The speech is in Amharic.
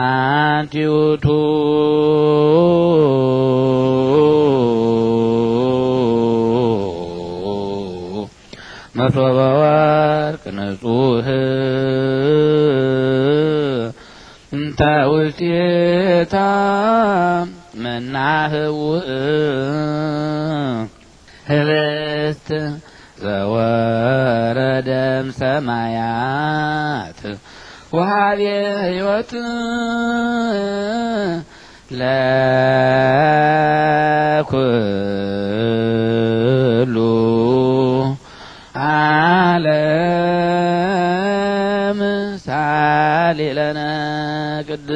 อาทิวทูมาสวบวารกันสูเหตาอุเทตามนาหว ህብስት ዘወረደም ሰማያት ወሀቤ ህይወት ለኩሉ ዓለም ሳሊለነ ቅዱስ